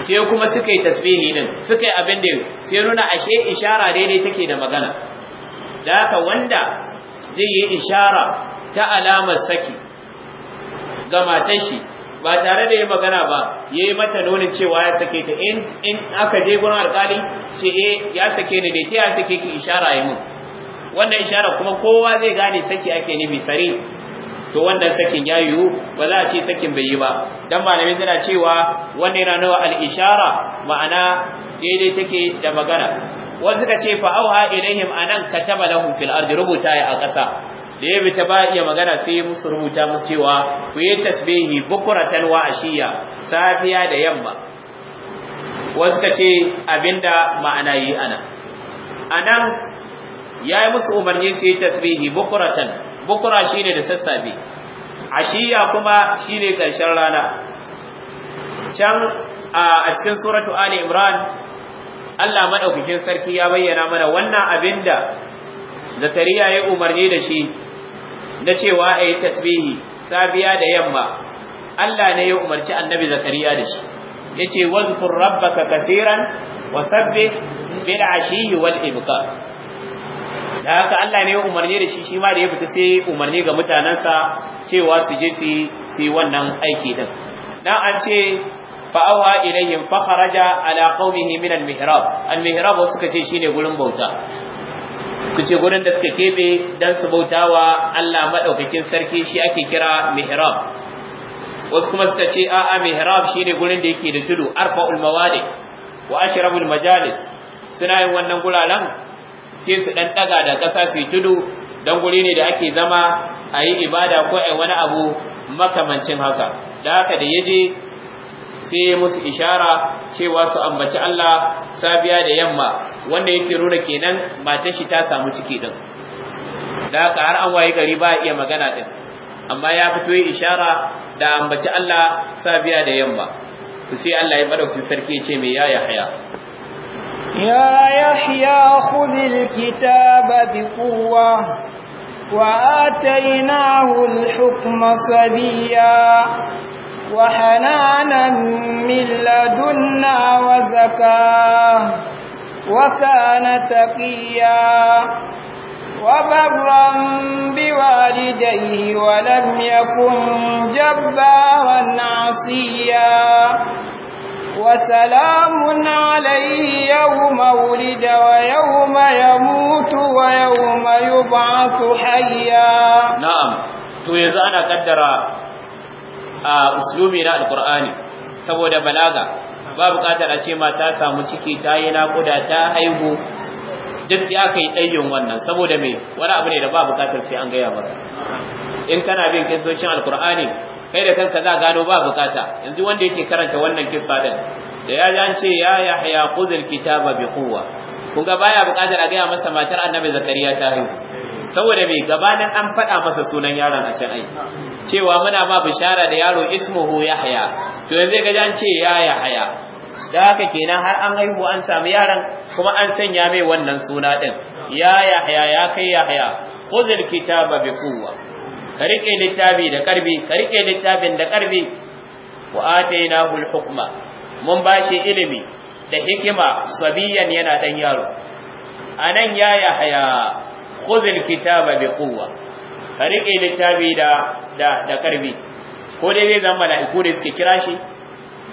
sai kuma suka yi tasbihi din suka yi abin da sai nuna ashe ishara daidai take da magana da haka wanda zai yi ishara ta alamar saki ga matar shi ba tare da ya magana ba ya yi mata nuna cewa ya sake ta in aka je gurin alkali ce eh, ya sake ni da ke ya sake ki ishara yi mun wannan ishara kuma kowa zai gane saki ake nufi sare to wannan sakin ya yiwu ba za a ce sakin bai yi ba dan malamai tana cewa wani yana nawa al ma'ana daidai take da magana wasu suka ce fa auha ilaihim ka kataba lahum fil ardi rubuta ya a ƙasa da ya bi ta ba iya magana sai musu rubuta musu cewa ku yi tasbihi bukuratan wa ashiya safiya da yamma wasu ka ce abinda ma'ana yi ana anan ya yi musu umarni sai tasbihi bukuratan bukura shine da sassafe ashiya kuma shine karshen rana can a cikin suratu ali imran Allah maɗaukakin sarki ya bayyana mana wannan abinda zakariya ya umarni da shi na cewa a yi tasbihi safiya da yamma Allah ne ya umarci annabi zakariya da shi ya ce wazkur rabbaka kasiran wa sabbih bil ashiyi wal ibka da haka Allah ne ya umarni da shi shi ma da ya fita sai umarni ga mutanensa cewa su je su yi wannan aiki din dan an ce fa'awa ilayhim fa kharaja ala qaumihi min al-mihrab al-mihrab suka ce shine gurin bauta su ce gurin da suka keɓe don su bauta wa Allah maɗaukakin sarki shi ake kira mihrab wasu kuma suka ce a'a mihrab ne gurin da yake da tudu arfa'ul mawadi wa ashrabul majalis suna yin wannan guraren sai su ɗan ɗaga da ƙasa su tudu don guri ne da ake zama a yi ibada ko a wani abu makamancin haka da haka da ya je. sai ya musu ishara cewa su ambaci Allah safiya da yamma wanda yake nuna kenan matar shi ta samu ciki din da haka har an waye gari ba iya magana din amma ya fito yi ishara da ambaci Allah sabiya da yamma sai Allah ya madaukakin sarki ya ce me ya yahya يا يحيى خذ الكتاب بقوة وآتيناه الحكم صبيا وحنانا من لدنا وزكاه وكان تقيا وبرا بوالديه ولم يكن جبارا عصيا وسلام عليه يوم ولد ويوم يموت ويوم يبعث حيا نعم تو يزانا قدر a uslubi na alqur'ani saboda balaga ba buƙatar a ce mata samu ciki ta yi naƙuda ta haihu duk sai aka yi wannan saboda me wani abu ne da ba buƙatar sai an gaya ba. in kana bin kisoshin alqur'ani kai da kanka za gano ba buƙata yanzu wanda yake karanta wannan kissa din da ya ji an ce ya yahya kitaba bi quwwa kun ga baya buƙatar a gaya masa matar annabi zakariya ta haihu saboda me gabanin an faɗa masa sunan yaron a can ai cewa muna ba bishara da yaro ismuhu yahya to yanzu ga jan ce ya yahya da haka kenan har an haihu an samu yaran, kuma an sanya mai wannan suna din ya yahya ya kai yahya khudhil kitaba bi quwwa ka rike littafi da karbi ka rike littafin da karbi wa atainahu al-hukma mun bashi ilimi da hikima sabiyan yana dan yaro anan ya yahya khudhil kitaba bi quwwa ka riƙe littafi da da karbi ko dai zai zama mala'iku da suke kira shi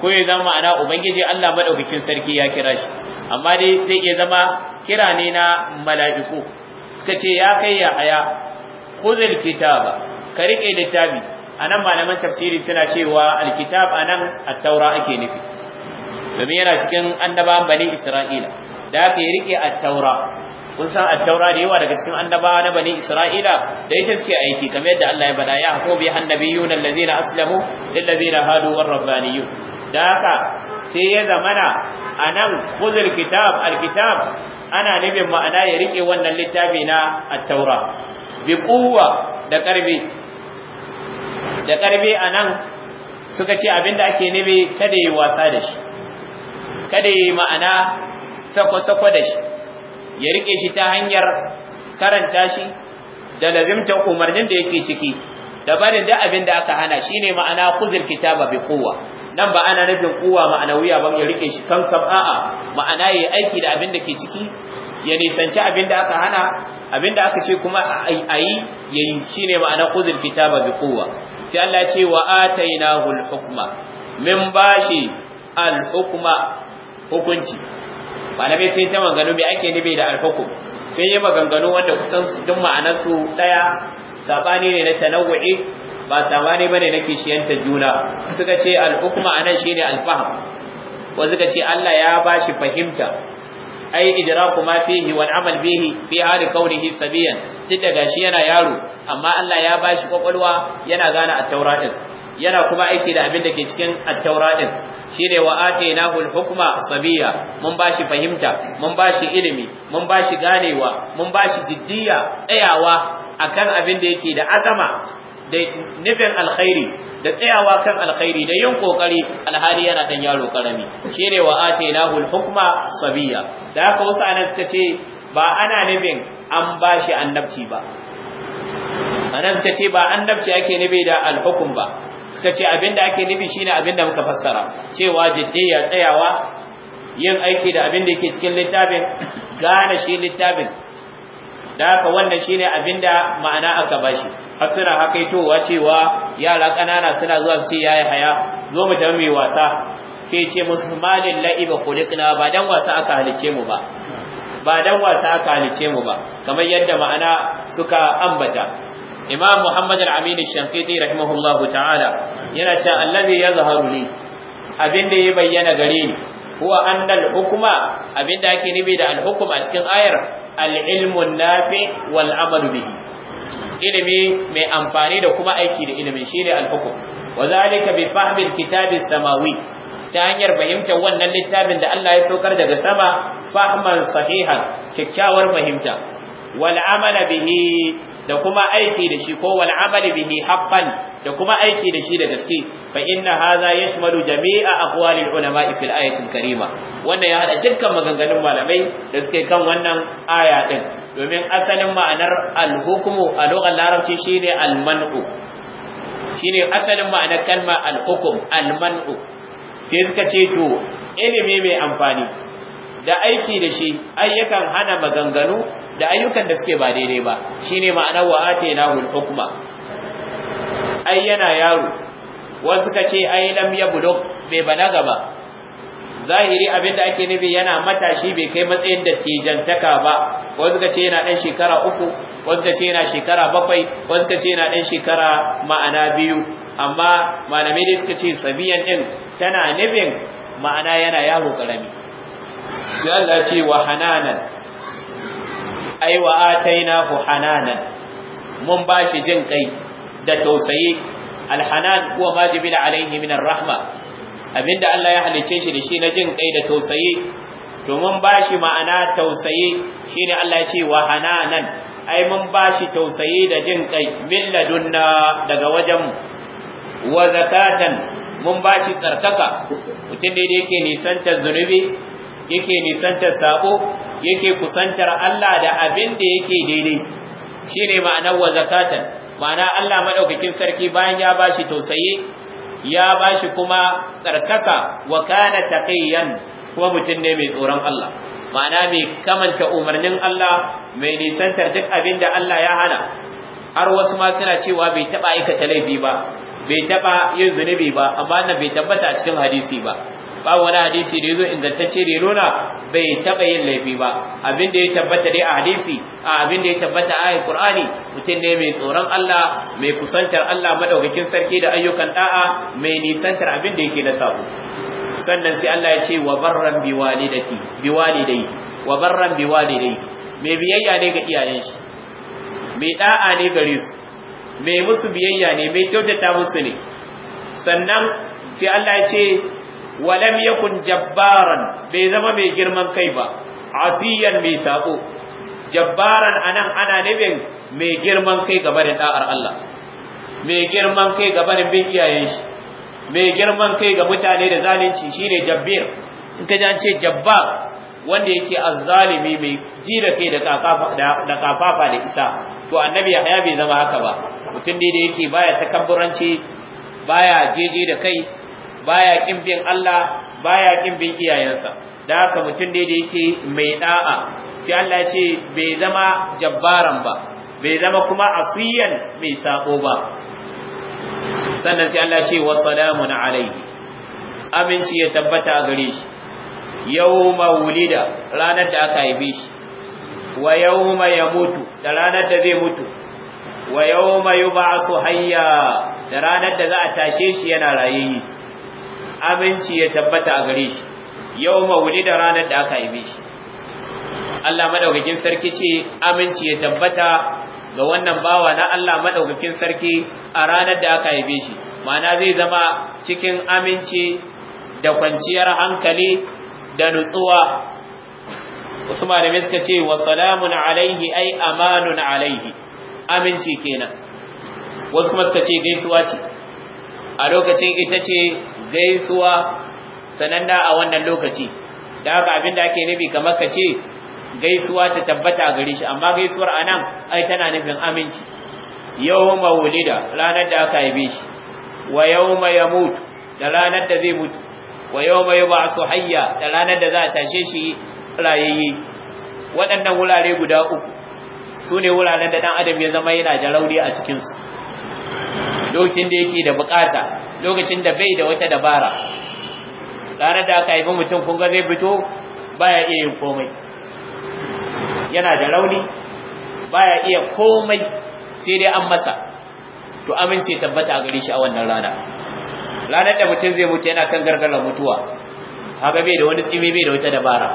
ko ya zama ana ubangiji Allah madaukakin sarki ya kira shi amma dai zai iya zama kira ne na mala'iku suka ce ya kai ya aya, khudhul kitaba ka riƙe littafi anan malaman tafsiri suna cewa alkitab anan at-taura ake nufi domin yana cikin annabawan bani isra'ila da aka yi riƙe at-taura kun san attaura da yawa daga cikin annabawa na bani isra'ila da ita suke aiki kamar yadda Allah ya bada ya hako bi annabiyun allazina aslamu lil ladina hadu war da haka sai ya zamana anan khudhul kitab kitab? ana nufin ma'ana ya rike wannan littafi na attaura bi quwwa da karbi da karbi anan suka ce abinda ake nufi kada yi wasa da shi kada yi ma'ana sako-sako da shi ya rike shi ta hanyar karanta shi da lazimtar umarnin da yake ciki da barin da abin da aka hana shine ma'ana kuzil kitaba bi quwwa nan ba ana nufin quwwa ma'anawiya ba ya rike shi kam a'a ma'ana yayi aiki da abin da ke ciki ya nisanci abin da aka hana abin da aka ce kuma ayi yayi shine ma'ana kuzil kitaba bi quwwa sai Allah ce wa atainahu al-hukma min bashi al-hukma hukunci malamai sai ta maganganu me ake nufi da alhukum sai yi maganganu wanda kusan duk ma'anar su daya sabani ne na tanawu'i ba sabani bane na kishiyanta juna suka ce alhukma anan shine alfaham ko suka ce Allah ya bashi fahimta ai idraku ma fihi wal amal bihi fi hali kaunihi sabiyan duk da gashi yana yaro amma Allah ya bashi kwakwalwa yana gane a taura yana kuma aiki da abin da ke cikin at-taura din shine wa atainahu hukma sabiya mun ba shi fahimta mun ba shi ilimi mun ba shi ganewa mun ba shi jiddiya tsayawa kan abin da yake da azama da nufin alkhairi da tsayawa kan alkhairi da yin kokari alhali yana dan yaro karami shine wa atainahu alhukma sabiya da haka wasu anan suka ce ba ana nufin an ba shi annabci ba anan suka ce ba annabci ake nufi da alhukum ba suka ce da ake nufi shine abinda muka fassara cewa jiddiya tsayawa yin aiki da abin da yake cikin littafin gane shi littafin da haka wannan shine abinda ma'ana aka bashi har suna hakaitowa cewa yara ƙanana suna zuwa su ya yayi haya zo mu tafi mai wasa Ke ce musu malin la'iba kulikna ba dan wasa aka halice mu ba ba dan wasa aka halice mu ba kamar yadda ma'ana suka ambata imam muhammad al-amin shankiti rahimahullahu ta'ala yana cin, allazi yazharu li abin da ya bayyana gare ni huwa annal hukuma abin da ake nufi da al a cikin ayar al-ilmu nafi wal bihi ilimi mai amfani da kuma aiki da ilimin shine al-hukum wa zalika bi fahmi al-kitab samawi ta hanyar fahimtar wannan littafin da Allah ya saukar daga sama fahman sahihan kyakkyawar fahimta wal bihi da kuma aiki da shi ko wal amali bihi haqqan da kuma aiki da shi da gaske fa inna hadha yashmalu jami'a aqwali ulama fil ayati karima wannan ya hada dukkan maganganun malamai da suke kan wannan aya din domin asalin ma'anar al hukmu a lokacin larabci shine al man'u shine asalin ma'anar kalma al hukm al man'u sai suka ce to ilimi mai amfani da aiki da shi ayyukan hana maganganu da ayyukan da suke ba daidai ba shine ma'ana wa na al-hukma ai yana yaro wasu ka ce ai lam yablugh bai balaga ba zahiri abinda ake nufi yana matashi bai kai matsayin dattijantaka ba wasu ka ce yana dan shekara uku wasu ka ce yana shekara bakwai wasu ka ce yana dan shekara ma'ana biyu amma malamai dai suka ce sabiyan din tana nufin ma'ana yana yaro karami sai Allah ce wa hananan ai wa atainahu hananan mun bashi jin kai da tausayi alhanan huwa ma alaihi min rahma abinda Allah ya halice shi da shi na jin kai da tausayi mun bashi ma'ana tausayi shine Allah ya ce wa hananan ai mun bashi tausayi da jin kai min ladunna daga wajen wa zakatan mun bashi tsarkaka mutum da yake nisantar zunubi yake nisantar sabo yake kusantar Allah da abin da yake daidai shine ma'anar wa zakatan ma'ana Allah maɗaukakin sarki bayan ya ba shi tausayi ya ba shi kuma tsarkaka wa kana taqiyan kuma mutum ne mai tsoron Allah ma'ana mai kamanta umarnin Allah mai nisantar duk abin da Allah ya hana har wasu ma suna cewa bai taba aikata laifi ba bai taba yin zunubi ba amma nan bai tabbata a cikin hadisi ba Ba wani hadisi da yazo ingantacce da ya nuna bai taba yin laifi ba abin da ya tabbata dai a hadisi a abin da ya tabbata a ayi qur'ani mutum ne mai tsoron Allah mai kusantar Allah madaukakin sarki da ayyukan da'a mai nisantar abin da yake na sabu sannan sai Allah ya ce wa barran bi walidati bi walidai wa barran bi walidai mai biyayya ne ga iyayen shi mai da'a ne gare su mai musu biyayya ne mai kyautata musu ne sannan sai Allah ya ce walam yakun jabbaran bai zama mai girman kai ba asiyan mai sako jabbaran anan ana nufin mai girman kai ga da da'ar Allah mai girman kai ga da bin iyaye shi mai girman kai ga mutane da zalunci shine jabbir in ka ji an ce jabbar wanda yake azzalimi mai ji da kai da kafafa da isa to annabi ya bai zama haka ba mutum ne da yake baya takabburanci baya jeje da kai baya kin bin Allah baya kin bin iyayensa da haka mutum ne da yake mai da'a sai Allah ce bai zama jabbaran ba bai zama kuma asiyan mai sako ba sannan sai Allah ce wa salamun alaihi aminci ya tabbata a gare shi yau wulida ranar da aka haife shi wa ya mutu da ranar da zai mutu wa ba su hayya da ranar da za a tashe shi yana rayayye aminci ya tabbata a gare shi yau mawuli da ranar da aka haife shi Allah madaukakin sarki ce aminci ya tabbata ga wannan bawa na Allah madaukakin sarki a ranar da aka haife shi ma'ana zai zama cikin aminci da kwanciyar hankali da nutsuwa wasu malamai suka ce wa salamun alaihi ai amanun alaihi aminci kenan wasu kuma suka ce gaisuwa ce a lokacin ita ce gaisuwa sananna a wannan lokaci da haka abin da ake nufi kamar ka ce gaisuwa ta tabbata a gare shi amma gaisuwar a nan ai tana nufin aminci yau mawulida ranar da aka haife shi wa yau ya mutu da ranar da zai mutu wa yau mai ba su hayya da ranar da za a tashe shi rayayye waɗannan wurare guda uku su ne wuraren da ɗan adam ya zama yana da rauni a cikinsu lokacin da yake da bukata lokacin da bai da wata dabara ranar da aka haifi mutum kun ga zai fito baya iya yin komai yana da rauni baya iya komai sai dai an masa to amince tabbata a gare shi a wannan rana ranar da mutum zai mutu yana kan gargara mutuwa haka bai da wani tsimi bai da wata dabara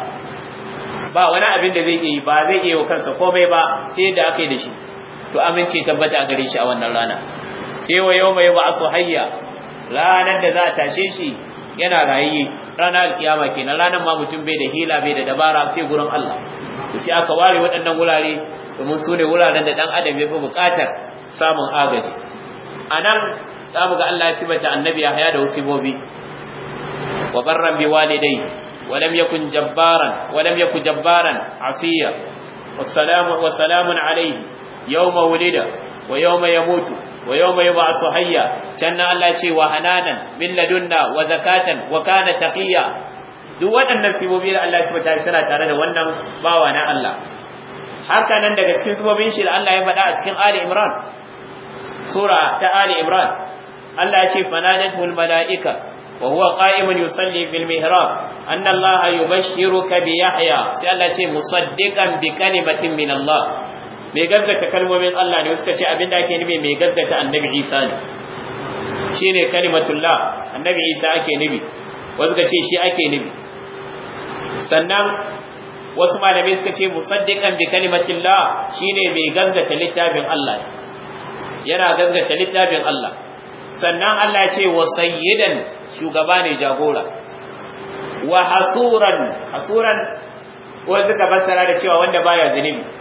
ba wani abin da zai yi ba zai iya kansa komai ba sai da aka yi da shi to amince tabbata a gare shi a wannan rana cewa yau mai ba su hayya ranar da za a tashe shi yana rayi ranar alkiyama kenan ranar ma mutum bai da hila bai da dabara sai gurin Allah to sai aka ware waɗannan wurare domin su ne wuraren da dan adam ya fi buƙatar samun agaji anan za mu ga Allah ya sibata annabi Yahaya da wasibobi wa barran bi walidai ولم يكن جبارا ولم يكن جبارا عصيا والسلام وسلام عليه يوم ولد ويوم يموت wa yawma su hayya can na Allah ce wa hananan min ladunna wa zakatan wa kana taqiya duk waɗannan sibobi da Allah ya fita suna tare da wannan bawa na Allah haka nan daga cikin sibobin shi da Allah ya faɗa a cikin Ali Imran sura ta Ali Imran Allah ya ce fanadatu malaika wa huwa qa'imun yusalli fil mihrab anna Allah yubashshiruka bi Yahya sai Allah ya ce musaddiqan bi kalimatin min Allah mai gaggata kalmomin Allah ne suka ce abin da ake nufi mai gaggata annabi Isa ne Shi shine kalimatullah annabi Isa ake nufi wasu ka ce shi ake nufi sannan wasu malamai suka ce musaddiqan bi kalimatillah shine mai gaggata littafin Allah yana gaggata littafin Allah sannan Allah ya ce wa sayyidan shugaba ne jagora wa hasuran hasuran wanda suka fassara da cewa wanda baya zunubi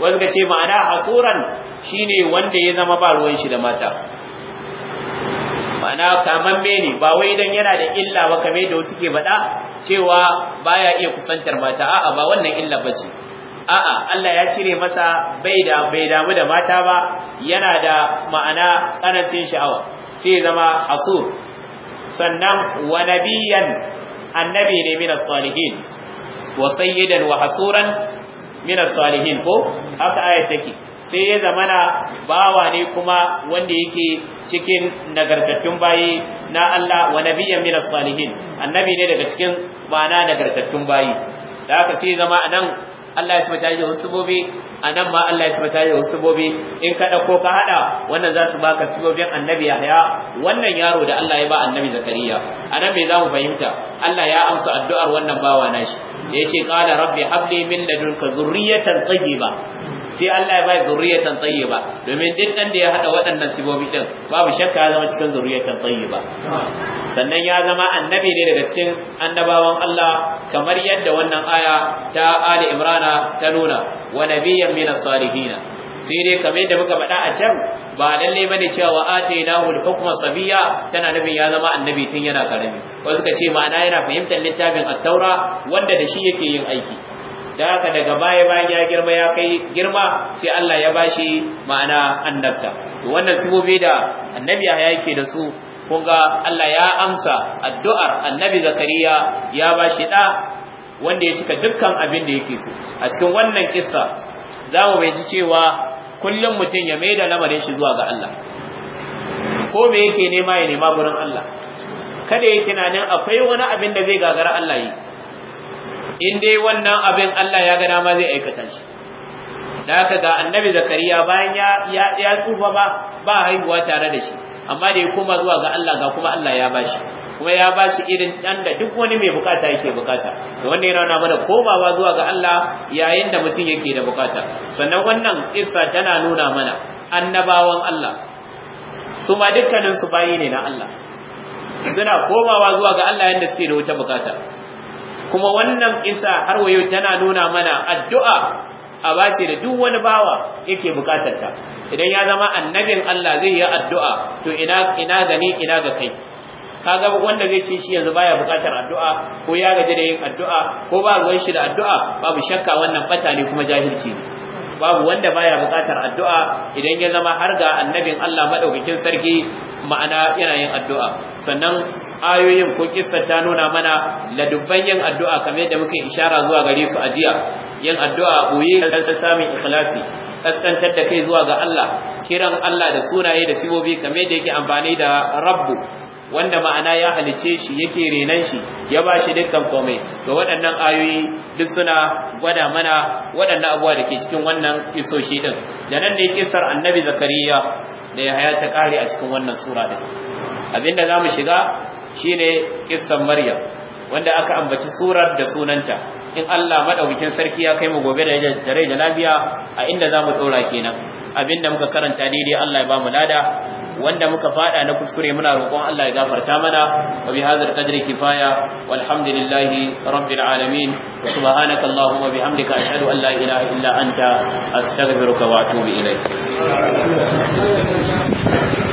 wanda ce ma'ana hasuran shine wanda ya zama ba ruwan shi da mata ma'ana kaman ne ba wai dan yana da illa ba kamar da wasu ke faɗa cewa baya iya kusantar mata a'a ba wannan illa bace a'a Allah ya cire masa bai da bai damu da mata ba yana da ma'ana karancin sha'awa sai zama asur sannan wa nabiyan annabi ne min as-salihin wa sayyidan wa hasuran Mina salihin ko haka ayat take sai ya zamana bawa ne kuma wanda yake cikin nagartattun bayi na Allah wa nabiyyan mina salihin annabi ne daga cikin bana nagartattun bayi da haka sai zama anan Allah ya tabbata da wasu anan ma Allah ya tabbata da wasu in ka dauko ka hada wannan za su baka sibobin annabi Yahya wannan yaro da Allah ya ba annabi Zakariya anan me za mu fahimta Allah ya amsa addu'ar wannan bawa nashi da ce qala rabbi habli min ladunka zurriyatan tayyiba sai Allah ya bai zurriyatan tayyiba domin duk dan da ya hada waɗannan sibobi din babu shakka ya zama cikin zurriyatan tayyiba sannan ya zama annabi ne daga cikin annabawan Allah kamar yadda wannan aya ta Ali Imrana ta nuna wa nabiyyan minas salihin sai dai kamar yadda muka faɗa a can ba lalle bane cewa wa atainahu al-hukma sabiya tana nufin ya zama annabi tun yana karami wasu suka ce ma'ana yana fahimtar littafin at-taura wanda da shi yake yin aiki da haka daga baya bayan ya girma ya kai girma sai Allah ya bashi ma'ana annabta to wannan sibobi da annabi ya yake da su kun ga Allah ya amsa addu'ar annabi zakariya ya bashi da wanda ya cika dukkan abin da yake so a cikin wannan kissa za mu bai cewa kullum mutum ya mai da lamarin shi zuwa ga Allah ko me yake nema ya nema gurin Allah kada ya tunanin akwai wani abin da zai gagara Allah yi in dai wannan abin Allah ya gana ma zai aikata shi da haka ga annabi zakariya bayan ya ya tsufa ba ba haihuwa tare da shi amma da ya koma zuwa ga Allah ga kuma Allah ya bashi kuma ya bashi irin dan da duk wani mai bukata yake bukata to wannan yana nuna mana komawa zuwa ga Allah yayin da mutum yake da bukata sannan wannan kissa tana nuna mana annabawan Allah su ma dukkanin su bayi ne na Allah suna komawa zuwa ga Allah yanda suke da wata bukata kuma wannan kissa har wayo tana nuna mana addu'a aba ce da duk wani bawa yake bukatar ta idan ya zama annabin Allah zai yi addu'a to ina ina gani ina ga kai kaga wanda zai ce shi yanzu baya bukatar addu'a ko ya gaji da yin addu'a ko ba ruwan shi da addu'a babu shakka wannan bata ne kuma jahilci ne babu wanda baya bukatar addu'a idan ya zama har ga annabin Allah madaukakin sarki ma'ana yana yin addu'a sannan ayoyin ko kissar ta nuna mana ladubban yin addu'a kamar yadda muke ishara zuwa gare su a jiya yin addu'a boye san samun ikhlasi kaskantar da kai zuwa ga Allah kiran Allah da sunaye da sibobi kamar yadda yake amfani da rabbu wanda ma'ana ya halice shi yake renan shi ya ba shi dukkan komai to waɗannan ayoyi duk suna gwada mana waɗannan abubuwa da ke cikin wannan kisoshi din da nan ne kisar annabi zakariya da ya haya ta kare a cikin wannan sura din abinda za mu shiga shine kissan maryam wanda aka ambaci surar da sunanta in Allah madaukakin sarki ya kai mu gobe da dare da lafiya a inda zamu mu kenan abinda muka karanta daidai Allah ya ba mu lada wanda muka fada na kuskure muna roƙon Allah ya gafarta mana wa bi da qadri kifaya walhamdulillahi rabbil alamin wa subhanaka allahumma bihamdika ashhadu an la ilaha illa anta astaghfiruka wa atubu ilayk